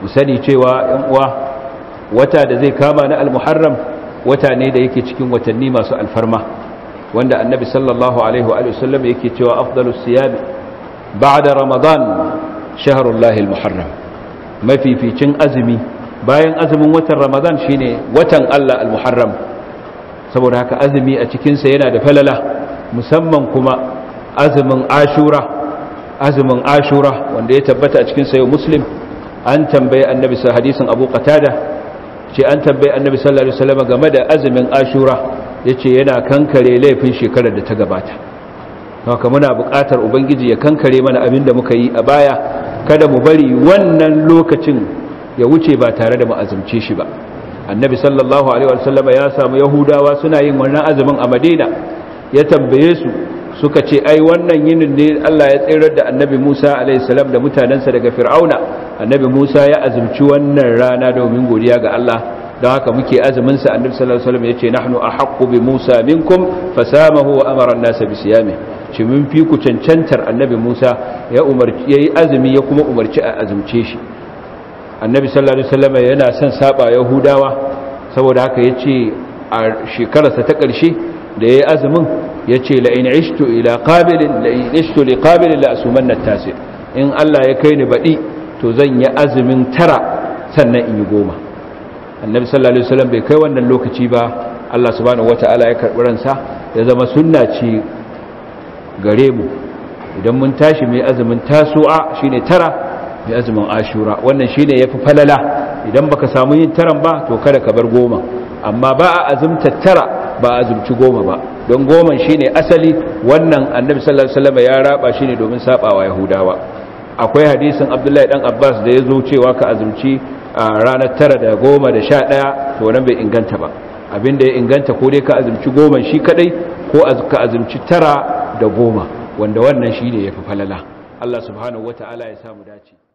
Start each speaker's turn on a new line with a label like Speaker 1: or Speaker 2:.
Speaker 1: ku sani cewa yan uwa wata da zai kama na al-muharram wata ne da yake cikin watanni masu alfarma wanda annabi sallallahu alaihi wa sallam yake cewa afdalus siyam ba'da ramadan shahrullahil muharram mafificin azumi bayan azumin watan ramadan shine watan Allah al-muharram saboda haka azumi a cikin sa yana da falala musamman kuma azumin ashura azumin ashura wanda ya tabbata a cikin sayo muslim an tambaye annabi sa hadisin abu qatada ce an tambaye annabi sallallahu alaihi wasallam game da azumin ashura yace yana kankare laifin shekarar da ta gabata haka muna buƙatar ubangiji ya kankare mana abin da muka yi a baya kada mu bari wannan lokacin ya wuce ba tare da mu azumce shi ba annabi sallallahu alaihi wasallam ya samu yahudawa suna yin wannan azumin a madina ya tambaye su suka ce ai wannan yinin ne Allah ya tsirar da annabi Musa alaihissalam da mutanensa daga fir'auna annabi Musa ya azumci wannan rana domin godiya ga Allah don haka muke azuminsa annabi sallallahu alaihi wasallam yace nahnu ahqqu bi Musa minkum fasamahu wa amara an-nasa bi siyami shi mun fi ku cancantar annabi Musa ya umarci yayi azumi ya kuma umarci a azumce shi annabi sallallahu alaihi wasallam yana son saba yahudawa saboda haka yace a shekararsa ta ƙarshe da ya yi azumin ya la in ishtu ila la li la asumanna tasir in Allah ya kai ni badi to zan yi azumin tara sannan in yi goma annabi sallallahu alaihi wasallam bai kai wannan lokaci ba Allah subhanahu wataala ya karbi ransa ya zama sunna ce gare mu idan mun tashi mai azumin tasu'a shine tara mai azumin ashura wannan shine yafi falala idan baka samu yin taran ba to kada ka bar goma amma ba a azumta tara ba azumci goma ba don goman shine asali wannan annabi sallallahu alaihi wasallam ya raba shine domin sabawa yahudawa akwai hadisin abdullahi dan abbas da ya zo cewa ka azumci ranar tara da goma da sha ɗaya to wannan bai inganta ba Abin da ya inganta ko dai ka azumci goma shi kadai ko ka azumci tara da goma wanda wannan shi shine yafi falala Allah subhanahu wataala ya samu dace